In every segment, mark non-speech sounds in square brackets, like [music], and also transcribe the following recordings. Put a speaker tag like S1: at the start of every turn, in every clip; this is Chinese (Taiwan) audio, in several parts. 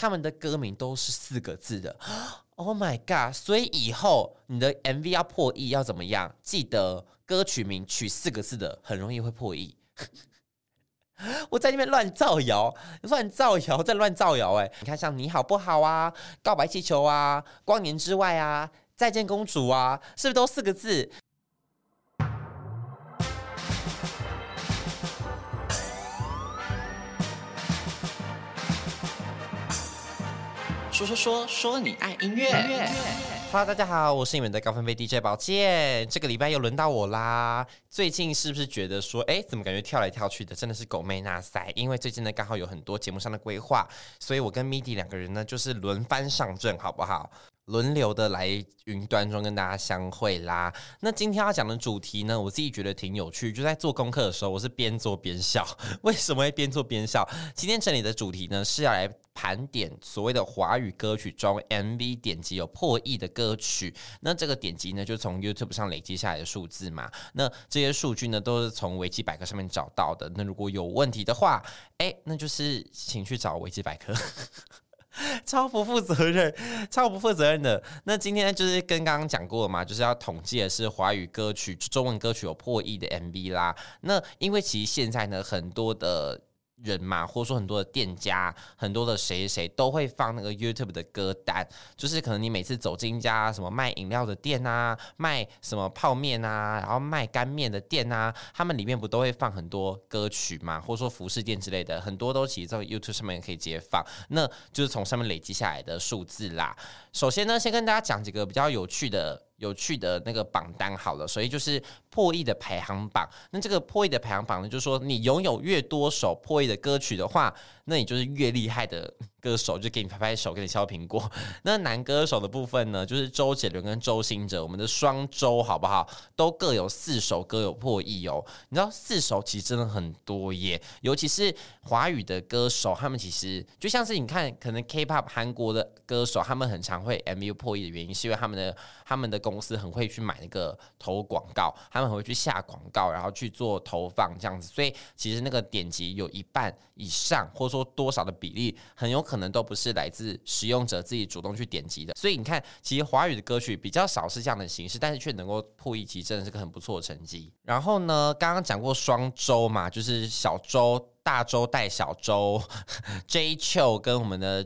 S1: 他們的歌名都是四個字的，Oh my god！所以以後你的 MV 要破億要怎麼樣？記得歌曲名取四個字的，很容易會破億。 [laughs] 我在那邊亂造謠，亂造謠，在亂造謠、欸。哎，你看，像你好不好啊？告白氣球啊，光年之外啊，再見公主啊，是不是都四個字？說說說說你愛音樂。Hello，大家好，我是你們的高分貝 DJ 寶健。這個禮拜又輪到我啦。最近是不是覺得說，哎，怎麼感覺跳來跳去的，真的是狗妹那塞？因為最近呢，剛好有很多節目上的規劃，所以我跟 Midi 兩個人呢，就是輪番上陣，好不好？輪流的來雲端中跟大家相會啦。那今天要講的主題呢，我自己覺得挺有趣。就在做功課的時候，我是邊做邊笑。為什麼會邊做邊笑？今天整理的主題呢，是要來盤點所謂的華語歌曲中 MV 點擊有破億的歌曲。那這個點擊呢，就從 YouTube 上累積下來的數字嘛。那這些數據呢，都是從維基百科上面找到的。那如果有問題的話，哎，那就是請去找維基百科。 [laughs] 超不負責任，超不負責任的。那今天就是跟剛剛講過了嘛，就是要統計的是華語歌曲、中文歌曲有破億的 MV 啦。那因為其實現在呢，很多的。人嘛，或者說很多的店家，很多的誰誰誰都會放那個 YouTube 的歌單，就是可能你每次走進一家什麼賣飲料的店啊，賣什麼泡麵啊，然後賣乾麵的店啊，他們裡面不都會放很多歌曲嘛？或者說服飾店之類的，很多都其實在 YouTube 上面可以直接放，那就是從上面累積下來的數字啦。首先呢，先跟大家講幾個比較有趣的、有趣的那個榜單好了，所以就是。破億的排行榜，那這個破億的排行榜呢，就是說你擁有越多首破億的歌曲的話，那你就是越厲害的歌手，就給你拍拍手，給你削蘋果。那男歌手的部分呢，就是周杰倫跟周興哲，我們的雙周好不好？都各有四首歌有破億哦。你知道四首其實真的很多耶，尤其是華語的歌手，他們其實就像是你看，可能 K-pop 韓國的歌手，他們很常會 MV 破億的原因，是因為他們的他們的公司很會去買那個投廣告。他們會去下廣告，然後去做投放，這樣子，所以其實那個點擊有一半以上，或者說多少的比例，很有可能都不是來自使用者自己主動去點擊的。所以你看，其實華語的歌曲比較少是這樣的形式，但是卻能夠破億級，真的是個很不錯的成績。然後呢，剛剛講過雙周嘛，就是小周、大周帶小周 [laughs] ，Jay Chou 跟我們的。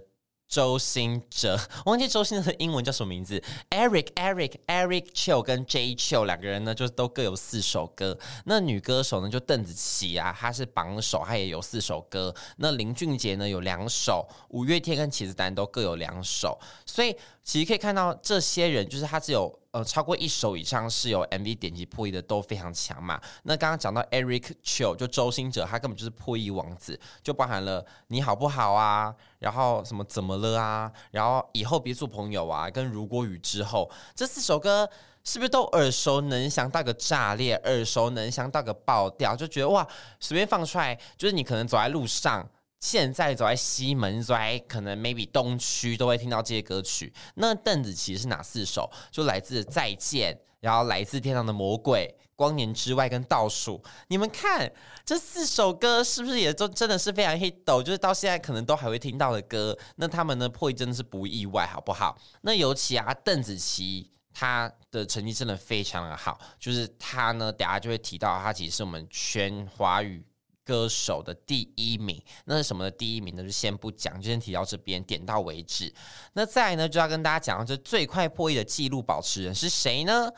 S1: 周興哲，我忘記周興哲的英文叫什麼名字？Eric，Eric，Eric Chou 跟 Jay Chou 兩個人呢，就是都各有四首歌。那女歌手呢，就鄧紫棋啊，她是榜首，她也有四首歌。那林俊傑呢，有兩首；五月天跟齊子丹都各有兩首，所以。其實可以看到，這些人就是他，只有呃超過一首以上是有 MV 點擊破億的，都非常強嘛。那剛剛講到 Eric Chou 就周興哲，他根本就是破億王子，就包含了你好不好啊，然後什麼怎麼了啊，然後以後別做朋友啊，跟如果雨之後這四首歌，是不是都耳熟能詳到個炸裂，耳熟能詳到個爆掉，就覺得哇，隨便放出來，就是你可能走在路上。現在走在西門，在可能 maybe 東區都會聽到這些歌曲。那鄧紫棋是哪四首？就來自《再見》，然後《來自天堂的魔鬼》、《光年之外》跟《倒數》。你們看這四首歌是不是也都真的是非常 hit 到？就是到現在可能都還會聽到的歌。那他們的破億真的是不意外，好不好？那尤其啊，鄧紫棋她的成績真的非常的好。就是她呢，等下就會提到她，其實是我們全華語。歌手的第一名，那是什麼的第一名呢？就先不講，就先提到這邊，點到為止。那再來呢，就要跟大家講，這最快破億的記錄保持人是誰呢？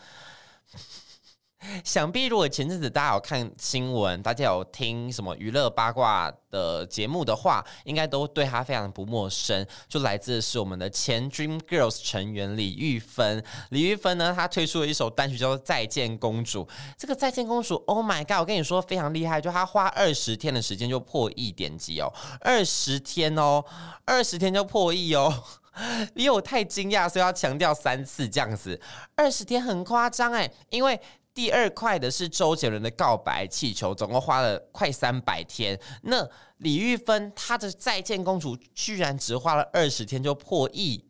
S1: 想必如果前陣子大家有看新聞，大家有聽什麼娛樂八卦的節目的話，應該都對她非常不陌生。就來自的是我們的前 Dream Girls 成員李毓芬。李毓芬呢，她推出了一首單曲叫做《再見公主》。這個《再見公主》，Oh my god！我跟你說非常厲害，就她花二十天的時間就破億點擊哦，二十天哦，二十天就破億哦。因 [laughs] 為我太驚訝，所以要強調三次這樣子。二十天很誇張哎，因為。第二塊的是周杰倫的《告白氣球》，總共花了快三百天。那李毓芬她的《再見公主》居然只花了二十天就破億，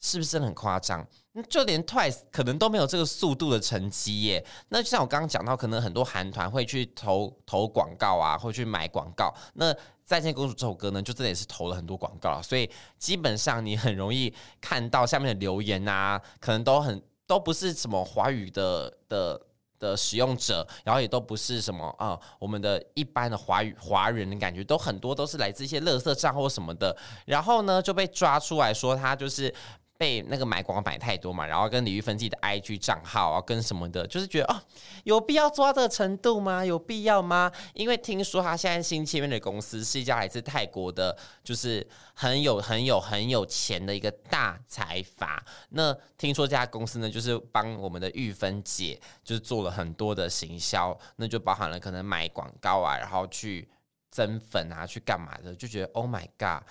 S1: 是不是很誇張？就連 Twice 可能都沒有這個速度的成績耶。那就像我剛剛講到，可能很多韓團會去投投廣告啊，會去買廣告。那《再見公主》這首歌呢，就真的是投了很多廣告，所以基本上你很容易看到下面的留言啊，可能都很。都不是什麼華語的的的使用者，然後也都不是什麼啊，我們的一般的華語華人的感覺，都很多都是來自一些垃圾帳戶什麼的，然後呢就被抓出來說他就是。被那個買廣買太多嘛，然後跟李毓芬自己的 IG 賬號啊，跟什麼的，就是覺得哦，有必要做到這個程度嗎？有必要嗎？因為聽說他現在新簽約的公司是一家來自泰國的，就是很有很有很有錢的一個大財閥。那聽說這家公司呢，就是幫我們的毓芬姐就是做了很多的行銷，那就包含了可能買廣告啊，然後去增粉啊，去幹嘛的，就覺得 Oh my God。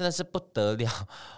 S1: 真的是不得了！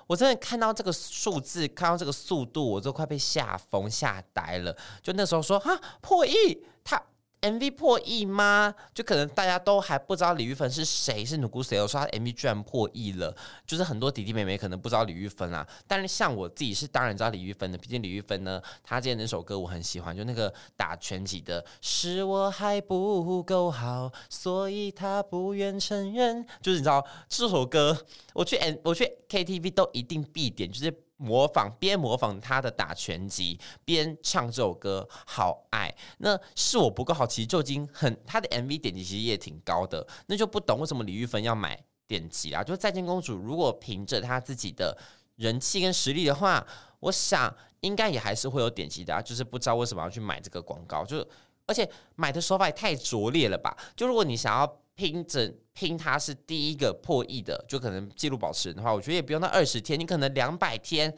S1: 我真的看到這個數字，看到這個速度，我都快被嚇瘋、嚇呆了。就那時候說，哈、啊，破億，他。MV 破億嗎？就可能大家都還不知道李毓芬是誰，是누구誰？我說他 MV 居然破億了，就是很多弟弟妹妹可能不知道李毓芬啦。但是像我自己是當然知道李毓芬的，畢竟李毓芬呢，他之前那首歌我很喜歡，就那個打拳擊的，是我還不夠好，所以他不願承認。就是你知道這首歌，我去 N 我去 KTV 都一定必點，就是。模仿邊模仿他的打拳擊邊唱這首歌，好愛那是我不夠好，其實就已經很他的 MV 點擊其實也挺高的，那就不懂為什麼李毓芬要買點擊啦。就是再見公主，如果憑着他自己的人氣跟實力的話，我想應該也還是會有點擊的，啊，就是不知道為什麼要去買這個廣告，就而且買的手法也太拙劣了吧。就如果你想要。拼整拼，他是第一個破億的，就可能記錄保持人的話，我覺得也不用到二十天，你可能兩百天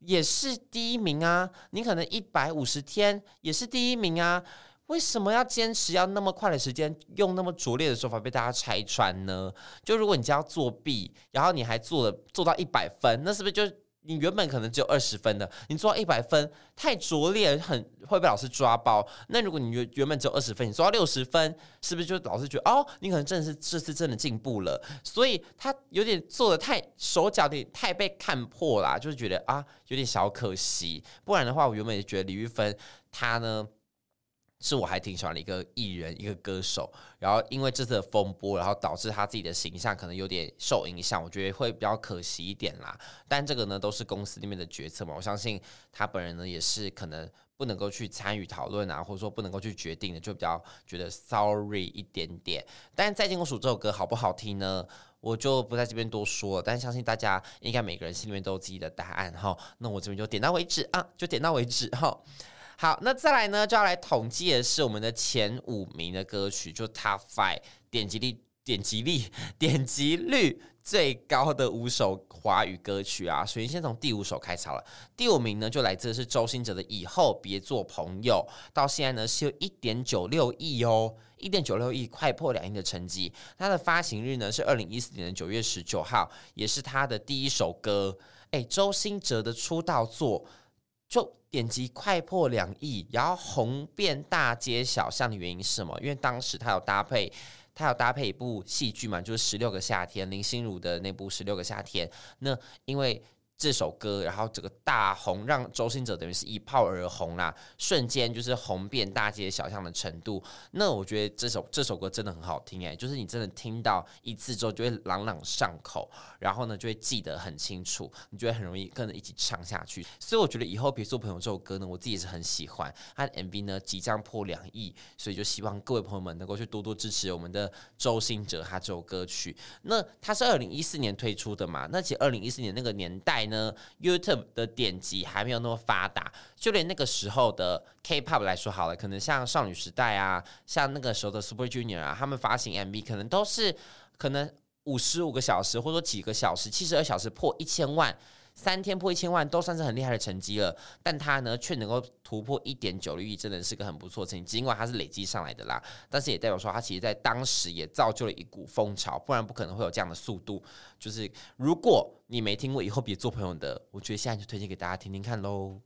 S1: 也是第一名啊，你可能一百五十天也是第一名啊，為什麼要堅持要那麼快的時間，用那麼拙劣的手法被大家拆穿呢？就如果你要作弊，然後你還做了做到一百分，那是不是就？你原本可能只有二十分的，你做到一百分，太拙劣，很會被老師抓包。那如果你原原本只有二十分，你做到六十分，是不是就老師覺得哦，你可能真的是這次真的進步了？所以他有點做得太手腳的，點太被看破啦，啊，就是覺得啊有點小可惜。不然的話，我原本也覺得李毓芬她呢，是我還挺喜歡的一個藝人，一個歌手。然後因為這次的風波，然後導致他自己的形象可能有點受影響，我覺得會比較可惜一點啦。但這個呢，都是公司裡面的決策嘛。我相信他本人呢，也是可能不能夠去參與討論啊，或者說不能夠去決定的，就比較覺得 sorry 一點點。但是《再見公主》這首歌好不好聽呢？我就不在這邊多說了。但相信大家應該每個人心裡面都有自己的答案哈。那我這邊就點到為止啊，就點到為止哈。好，那再來呢，就要來統計的是我們的前五名的歌曲，就 Top Five 點擊率、點擊率、點擊率最高的五首華語歌曲啊。所以先從第五首開炒了。第五名呢，就來自是周興哲的《以後別做朋友》，到現在呢是有一點九六億哦，一點九六億快破兩億的成績。它的發行日呢是二零一四年的九月十九號，也是他的第一首歌。哎、欸，周興哲的出道作就。點擊快破兩億，然後紅遍大街小巷的原因是什麼？因為當時他有搭配，他有搭配一部戲劇嘛，就是《十六個夏天》，林心如的那部《十六個夏天》。那因為。這首歌，然後這個大紅讓周興哲等於是一炮而紅啦，瞬間就是紅遍大街小巷的程度。那我覺得這首這首歌真的很好聽誒、哎，就是你真的聽到一次之後就會朗朗上口，然後呢就會記得很清楚，你就會很容易跟着一起唱下去。所以我覺得以後別做朋友這首歌呢，我自己也是很喜歡。他的 MV 呢即將破兩億，所以就希望各位朋友們能夠去多多支持我們的周興哲他這首歌曲。那他是二零一四年推出的嘛，那其實二零一四年那個年代。呢，YouTube 的點擊還沒有那麼發達，就連那個時候的 K-pop 來說好了，可能像少女時代啊，像那個時候的 Super Junior 啊，他們發行 MV，可能都是可能五十五個小時，或者說幾個小時，七十二小時破一千萬。三天破一千萬都算是很厲害的成績了，但它呢卻能夠突破一點九六億，真的是個很不錯的成績。盡管它是累積上來的啦，但是也代表說它其實，在當時也造就了一股風潮，不然不可能會有這樣的速度。就是如果你沒聽過，以後別做朋友的，我覺得現在就推薦給大家聽聽看嘍。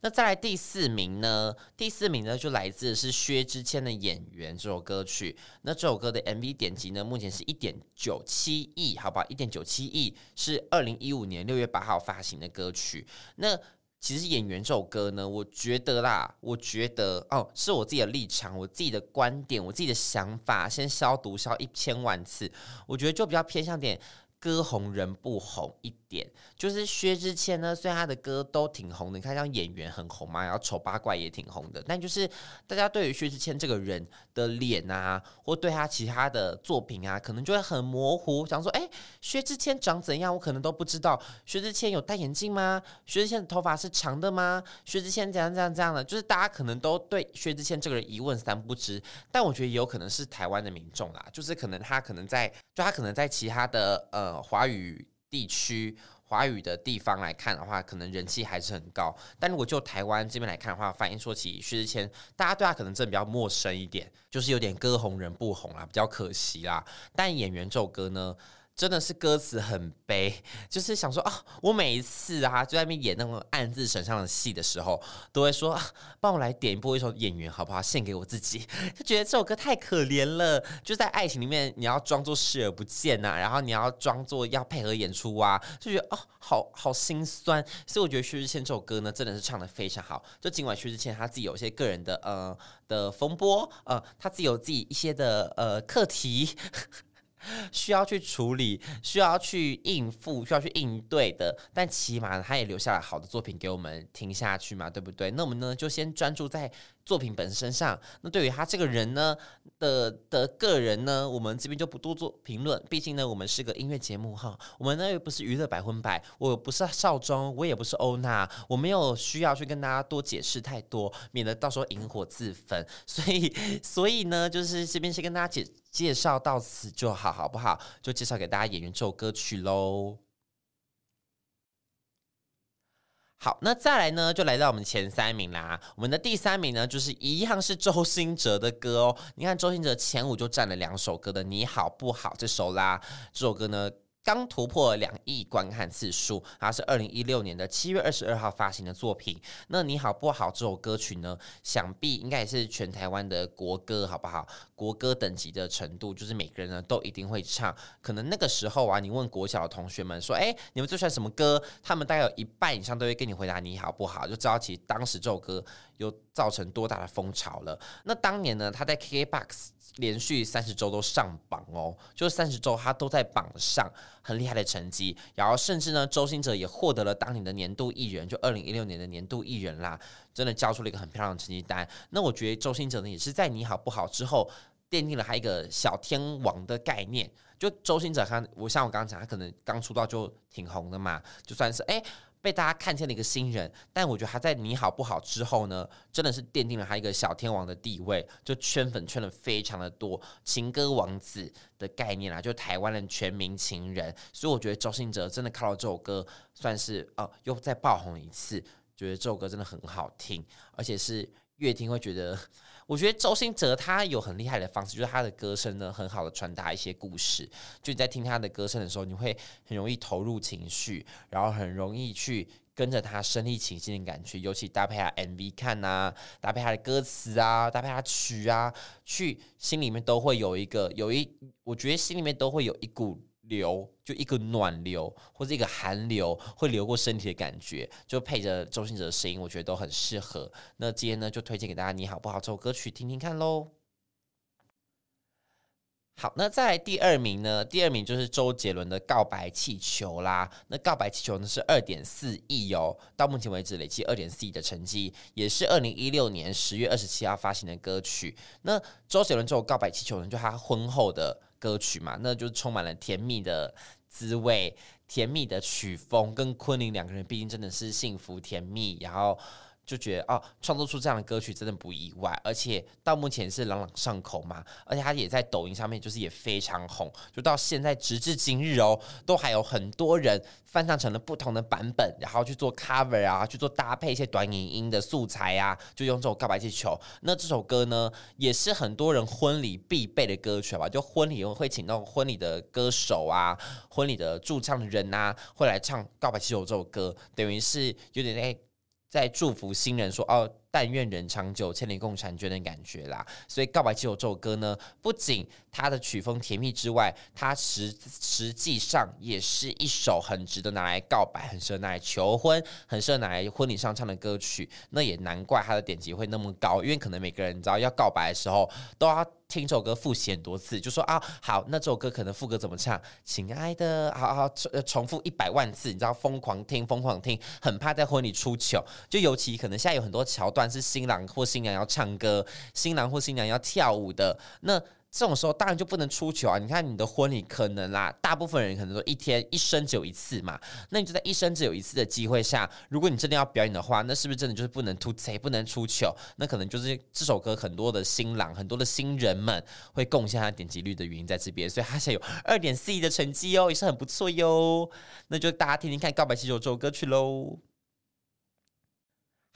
S1: 那再來第四名呢？第四名呢，就來自是薛之謙的《演員》這首歌曲。那這首歌的 MV 點擊呢，目前是一點九七億，好不好？一點九七億是二零一五年六月八號發行的歌曲。那其實《演員》這首歌呢，我覺得啦，我覺得哦，是我自己的立場，我自己的觀點，我自己的想法，先消毒消一千萬次，我覺得就比較偏向點歌紅人不紅一。點就是薛之謙呢，雖然他的歌都挺紅的，你看像演員很紅嘛，然後醜八怪也挺紅的，但就是大家對於薛之謙這個人的臉啊，或對他其他的作品啊，可能就會很模糊，想說誒，薛之謙長怎樣，我可能都不知道。薛之謙有戴眼鏡嗎？薛之謙的頭髮是長的嗎？薛之謙怎樣怎樣這樣的，就是大家可能都對薛之謙這個人一問三不知。但我覺得也有可能是台灣的民眾啦，就是可能他可能在，就他可能在其他的呃華語。地區華語的地方來看的話，可能人氣還是很高。但如果就台灣這邊來看的話，反映說起薛之謙，大家對他可能真的比較陌生一點，就是有點歌紅人不紅啊，比較可惜啦。但演員這首歌呢？真的是歌詞很悲，就是想說啊，我每一次啊就在那邊演那種暗自神傷的戲的時候，都會說啊，幫我來點播一首《演員》，好不好？獻給我自己，就覺得這首歌太可憐了。就在愛情裡面，你要裝作視而不見吶、啊，然後你要裝作要配合演出啊，就覺得哦、啊，好好心酸。所以我覺得薛之謙這首歌呢，真的是唱得非常好。就盡管薛之謙他自己有一些個人的呃的風波，呃，他自己有自己一些的呃課題。 [laughs] 需要去處理、需要去應付、需要去應對的，但起碼他也留下了好的作品給我們聽下去嘛，對不對？那我們呢，就先專注在。作品本身上，那對於他這個人呢的的個人呢，我們這邊就不多做評論。畢竟呢，我們是個音樂節目哈，我們呢又不是娛樂百分百，我不是少莊，我也不是歐娜，我沒有需要去跟大家多解釋太多，免得到時候引火自焚。所以，所以呢，就是這邊先跟大家介介紹到此就好，好不好？就介紹給大家演員這首歌曲嘍。好，那再來呢，就來到我們前三名啦。我們的第三名呢，就是一樣是周興哲的歌哦。你看，周興哲前五就占了兩首歌的《你好不好》這首啦，這首歌呢。剛突破兩億觀看次數，它是二零一六年的七月二十二號發行的作品。那你好不好這首歌曲呢，想必應該也是全台灣的國歌，好不好？國歌等級的程度，就是每個人呢都一定會唱。可能那個時候啊，你問國小的同學們說：“哎，你們最喜歡什麼歌？”他們大概有一半以上都會跟你回答：“你好不好。”就知道其實當時這首歌有造成多大的風潮了。那當年呢，他在 KKBOX 連續三十周都上榜哦，就是三十周他都在榜上。很厲害的成績，然後甚至呢，周興哲也獲得了當年的年度藝人，就二零一六年的年度藝人啦，真的交出了一個很漂亮的成績單。那我覺得周興哲呢，也是在你好不好之後，奠定了他一個小天王的概念。就周興哲，他我像我剛剛講，他可能剛出道就挺紅的嘛，就算是誒。被大家看見了一個新人，但我覺得他在《你好不好》之後呢，真的是奠定了他一個小天王的地位，就圈粉圈得非常的多，情歌王子的概念啦、啊，就台灣的全民情人。所以我覺得周興哲真的靠到這首歌，算是呃又再爆紅一次，覺得這首歌真的很好聽，而且是越聽會覺得。我覺得周興哲他有很厲害的方式，就是他的歌聲呢，很好的傳達一些故事。就你在聽他的歌聲的時候，你會很容易投入情緒，然後很容易去跟着他身律情緒的感覺，尤其搭配他 MV 看吶、啊，搭配他的歌詞啊，搭配他曲啊，去心裡面都會有一個，有一，我覺得心裡面都會有一股。流就一個暖流或者一個寒流會流過身體的感覺，就配着周興哲的聲音，我覺得都很適合。那今天呢，就推薦給大家，你好不好這首歌曲聽聽看嘍？好，那在第二名呢，第二名就是周杰倫的《告白氣球》啦。那《告白氣球》呢，是二點四億哦，到目前為止累計二點四億的成績，也是二零一六年十月二十七號發行的歌曲。那周杰倫這首《告白氣球》呢，就他婚後的。歌曲嘛，那就充滿了甜蜜的滋味，甜蜜的曲風，跟昆凌兩個人畢竟真的是幸福甜蜜，然後。就覺得哦，創作出這樣的歌曲真的不意外，而且到目前是朗朗上口嘛，而且他也在抖音上面就是也非常紅，就到現在直至今日哦，都還有很多人翻唱成了不同的版本，然後去做 cover 啊，去做搭配一些短影音、音的素材啊，就用這種告白氣球。那這首歌呢，也是很多人婚禮必備的歌曲吧？就婚禮會請那種婚禮的歌手啊，婚禮的駐唱的人啊，會來唱《告白氣球》這首歌，等於是有點、哎在祝福新人說：“哦，但願人長久，千里共嬋娟”的感覺啦。所以，《告白氣球》這首歌呢，不僅它的曲風甜蜜之外，它實實際上也是一首很值得拿來告白、很適合拿來求婚、很適合拿來婚禮上唱的歌曲。那也難怪它的點擊會那麼高，因為可能每個人你知道要告白的時候都要。聽這首歌複習很多次，就說啊，好，那這首歌可能副歌怎麼唱？親愛的，好好重複一百萬次，你知道，瘋狂聽，瘋狂聽，很怕在婚禮出糗。就尤其可能現在有很多橋段是新郎或新娘要唱歌，新郎或新娘要跳舞的那。這種時候當然就不能出糗啊！你看你的婚禮可能啦，大部分人可能說一天一生只有一次嘛。那你就在一生只有一次的機會下，如果你真的要表演的話，那是不是真的就是不能凸槌，不能出糗？那可能就是這首歌很多的新郎、很多的新人們會貢獻他點擊率的原因在這邊，所以它才有二點四億的成績哦，也是很不錯喲。那就大家聽聽看《告白氣球》這首歌曲嘍。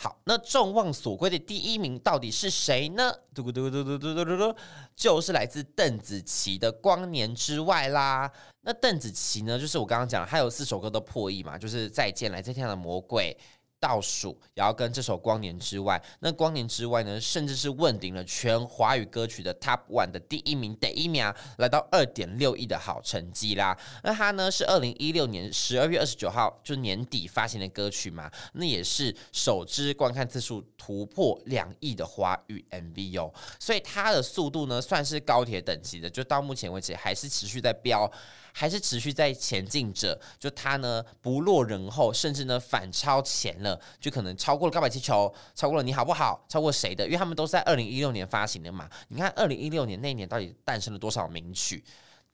S1: 好，那眾望所歸的第一名到底是誰呢？嘟嘟嘟嘟嘟嘟嘟嘟，就是來自鄧紫棋的《光年之外》啦。那鄧紫棋呢，就是我剛剛講，她有四首歌都破億嘛，就是《再見》、《來自天堂的魔鬼》。倒數，然後跟這首《光年之外》，那《光年之外》呢，甚至是問鼎了全華語歌曲的 Top One 的第一名，第一名來到二點六億的好成績啦。那它呢，是二零一六年十二月二十九號就年底發行的歌曲嘛，那也是首支觀看次數突破兩億的華語 MV 哦。所以它的速度呢，算是高鐵等級的，就到目前為止還是持續在飆。還是持續在前進著，就他呢不落人後，甚至呢反超前了，就可能超過了《告白氣球》，超過了你好不好？超過誰的？因為他們都是在二零一六年發行的嘛。你看二零一六年那年到底誕生了多少名曲，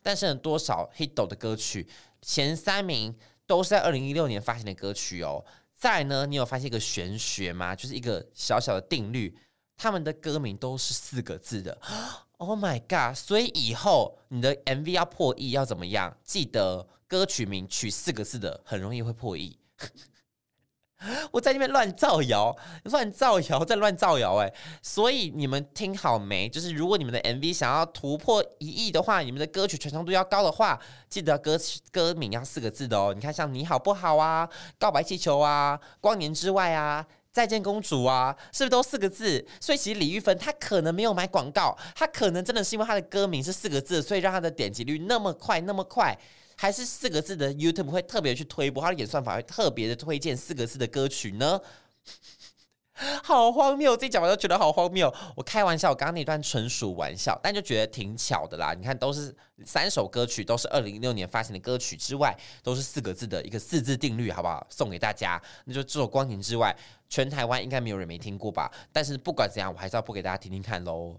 S1: 誕生了多少 Hito 的歌曲？前三名都是在二零一六年發行的歌曲哦。再呢，你有發現一個玄學嗎？就是一個小小的定律，他們的歌名都是四個字的 Oh my god！所以以後你的 MV 要破億要怎麼樣？記得歌曲名取四個字的很容易會破億。 [laughs] 我在那邊亂造謠，亂造謠在亂造謠哎、欸！所以你們聽好沒？就是如果你們的 MV 想要突破一億的話，你們的歌曲傳唱度要高的話，記得歌歌名要四個字的哦。你看像你好不好啊？告白氣球啊？光年之外啊？再見公主啊，是不是都四個字？所以其實李毓芬她可能沒有買廣告，她可能真的是因為她的歌名是四個字，所以讓她的點擊率那麼快那麼快。還是四個字的 YouTube 會特別去推播，她的演算法會特別的推薦四個字的歌曲呢？好荒謬！我自己講完都覺得好荒謬。我開玩笑，我剛剛那段純屬玩笑，但就覺得挺巧的啦。你看，都是三首歌曲，都是二零一六年發行的歌曲之外，都是四個字的一個四字定律，好不好？送給大家。那就這首《光年之外》，全台灣應該沒有人沒聽過吧？但是不管怎樣，我還是要播給大家聽聽看嘍。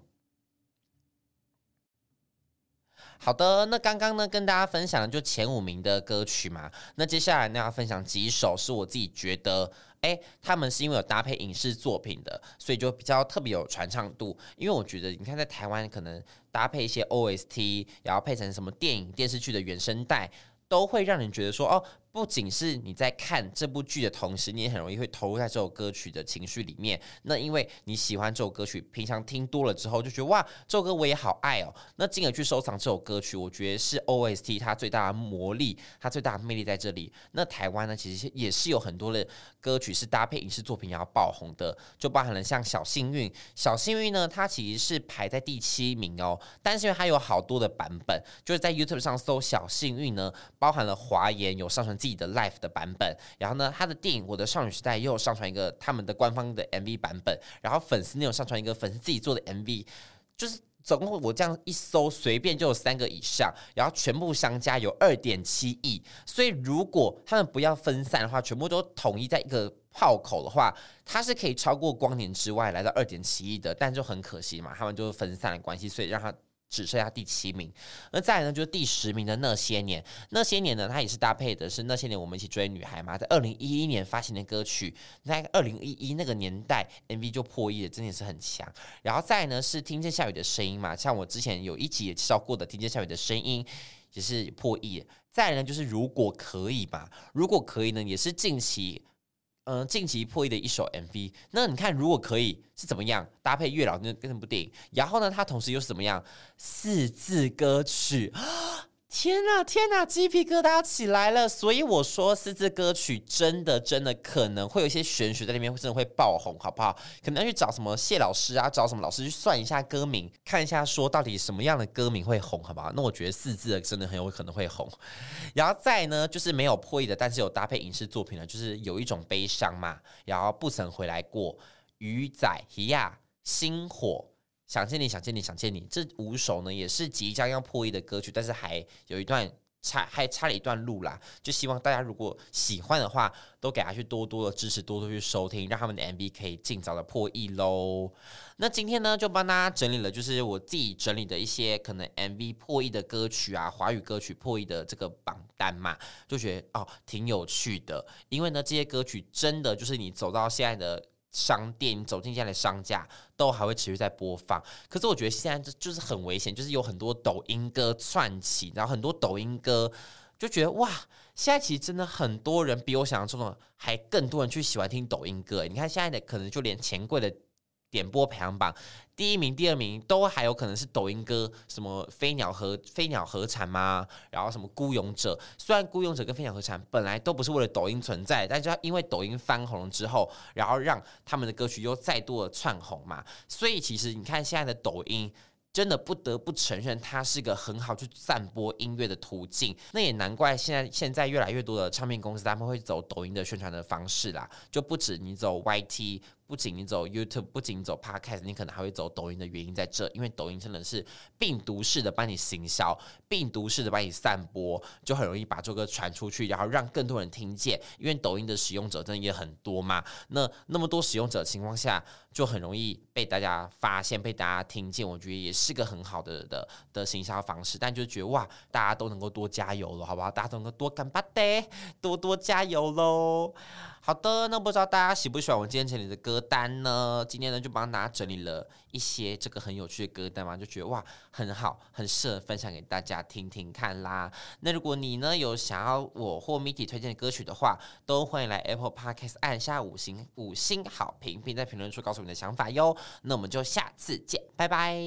S1: 好的，那剛剛呢跟大家分享就前五名的歌曲嘛，那接下來呢要分享幾首是我自己覺得，哎、欸，他們是因為有搭配影視作品的，所以就比較特別有傳唱度。因為我覺得你看在台灣可能搭配一些 OST，然後配成什麼電影、電視劇的原聲帶，都會讓人覺得說哦。不僅是你在看這部劇的同時，你也很容易會投入在這首歌曲的情緒裡面。那因為你喜歡這首歌曲，平常聽多了之後就覺得哇，這首歌我也好愛哦。那進而去收藏這首歌曲，我覺得是 OST 它最大的魔力，它最大的魅力在這裡。那台灣呢，其實也是有很多的歌曲是搭配影視作品要爆紅的，就包含了像《小幸運》。《小幸運》呢，它其實是排在第七名哦，但是因為它有好多的版本，就是在 YouTube 上搜《小幸運》呢，包含了華研有上傳。的 life 的版本，然後呢，他的電影《我的少女時代》又上傳一個他們的官方的 MV 版本，然後粉絲又上傳一個粉絲自己做的 MV，就是總共我這樣一搜，隨便就有三個以上，然後全部相加有二點七億，所以如果他們不要分散的話，全部都統一在一個炮口的話，它是可以超過光年之外來到二點七億的，但就很可惜嘛，他們就分散的關係，所以讓他。只剩下第七名，那再來呢？就是第十名的那些年，那些年呢，它也是搭配的是那些年我們一起追女孩嘛，在二零一一年發行的歌曲，那二零一一那個年代，MV 就破億了，真的是很強。然後再來呢，是聽見下雨的聲音嘛，像我之前有一集也介紹過的，聽見下雨的聲音也是破億。再來呢，就是如果可以嘛，如果可以呢，也是近期。嗯，近期破億的一首 MV，那你看如果可以是怎麼樣搭配《月老》那那部電影？然後呢，它同時又是怎麼樣四字歌曲啊？天吶、啊，天吶、啊，雞皮疙瘩起來了！所以我說，四字歌曲真的真的可能會有一些玄學在那邊，真的會爆紅，好不好？可能要去找什麼謝老師啊，找什麼老師去算一下歌名，看一下說到底什麼樣的歌名會紅，好不好？那我覺得四字的真的很有可能會紅。然後再呢，就是沒有破億的，但是有搭配影視作品的，就是有一種悲傷嘛，然後不曾回來過，魚仔呀，星火。想見你想見你想見你，這五首呢也是即將要破億的歌曲，但是還有一段差，還差了一段路啦。就希望大家如果喜歡的話，都給他去多多的支持，多多去收聽，讓他們的 MV 可以盡早的破億嘍。那今天呢，就幫大家整理了，就是我自己整理的一些可能 MV 破億的歌曲啊，華語歌曲破億的這個榜單嘛，就覺得哦挺有趣的，因為呢這些歌曲真的就是你走到現在的。商店，你走進現在的商家都還會持續在播放。可是我覺得現在這就是很危險，就是有很多抖音歌竄起，然後很多抖音歌就覺得哇，現在其實真的很多人比我想象中的還更多人去喜歡聽抖音歌。你看現在的可能就連錢櫃的。點播排行榜第一名、第二名都還有可能是抖音歌，什麼飛《飛鳥和飛鳥和蟬》嗎，然後什麼《孤勇者》。雖然《孤勇者》跟《飛鳥和蟬》本來都不是為了抖音存在，但是因為抖音翻紅之後，然後讓他們的歌曲又再度的竄紅嘛，所以其實你看現在的抖音，真的不得不承認它是個很好去散播音樂的途徑。那也難怪現在現在越來越多的唱片公司他們會走抖音的宣傳的方式啦，就不止你走 YT。不僅你走 YouTube，不僅你走 Podcast，你可能還會走抖音的原因在這，因為抖音真的是病毒式的幫你行銷，病毒式的幫你散播，就很容易把這個傳出去，然後讓更多人聽見。因為抖音的使用者真的也很多嘛，那那麼多使用者的情況下，就很容易被大家發現、被大家聽見。我覺得也是個很好的的的行銷方式，但就覺得哇，大家都能夠多加油了，好不好？大家都能夠多干巴爹，多多加油嘍！好的，那不知道大家喜不喜歡我今天整理的歌單呢？今天呢就幫大家整理了一些這個很有趣的歌單嘛，就覺得哇，很好，很適合分享給大家聽聽看啦。那如果你呢有想要我或 Miki 推薦的歌曲的話，都歡迎來 Apple Podcast 按下五星五星好評，並在評論處告訴你的想法喲。那我們就下次見，拜拜。